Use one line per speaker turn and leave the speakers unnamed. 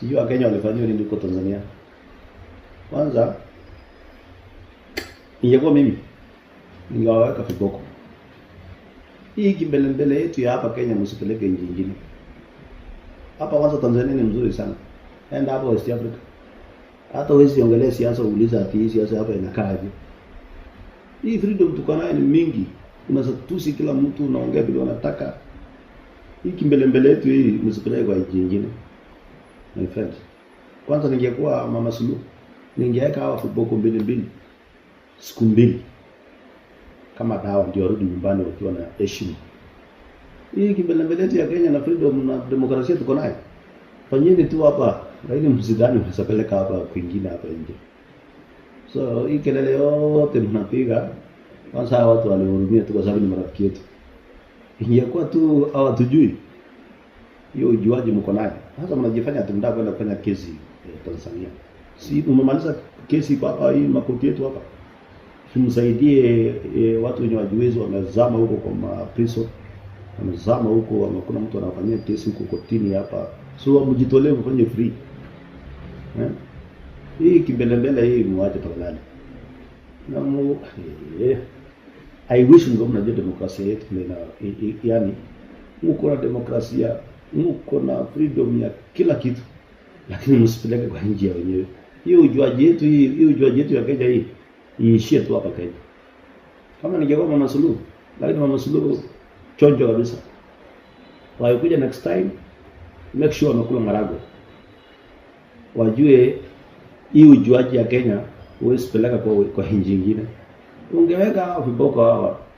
Sijui Wakenya walifanyia nini huko Tanzania. Kwanza ingekuwa mimi ningewaweka viboko. Hii kimbelembele yetu ya hapa Kenya msipeleke nchi nyingine. Hapa kwanza Tanzania ni mzuri sana. Enda hapo West Africa. Hata huwezi ongelea siasa uuliza ati hii siasa hapa inakaaje. Hii freedom tuko nayo ni mingi. Unasatusi kila mtu unaongea bila unataka. Hii kimbelembele yetu hii msipeleke kwa nchi nyingine my friend. Kwanza ningekuwa Mama Suluhu ningeweka hawa viboko mbili mbili siku mbili kama dawa, ndio warudi nyumbani wakiwa na heshima. Hii kimbelembeleti ya Kenya na freedom na demokrasia tuko nayo, fanyeni tu hapa, lakini msidhani msapeleka hapa kwingine hapa nje. So hii kelele yote mnapiga, kwanza hawa watu walihurumia tu kwa sababu ni marafiki yetu. Ingekuwa tu hawatujui hiyo ujuaji mko naye Sasa mnajifanya ati mtaka kwenda kufanya kesi eh, Tanzania. Si umemaliza kesi kwa hapa hii makoti yetu hapa. Tumsaidie eh, watu wenye wajiwezi wamezama huko kwa mapriso. Wamezama huko, kuna mtu anafanyia kesi huko kotini hapa. So mjitolee mfanye free. Eh? Hii kimbelembele hii muache pakalani. Na mu eh, I wish ngomna demokrasia yetu na yaani uko na demokrasia uko na freedom ya kila kitu, lakini msipeleke kwa nchi ya wenyewe. Hiyo ujuaji yetu hii, hiyo ujuaji yetu ya Kenya hii iishie tu hapa Kenya. Kama ningekuwa Mama Suluhu, lakini Mama Suluhu chonjo kabisa. Wakikuja next time make sure wanakula marago, wajue hii ujuaji ya Kenya huwezi peleka kwa, kwa nchi nyingine. Ungeweka viboko hawa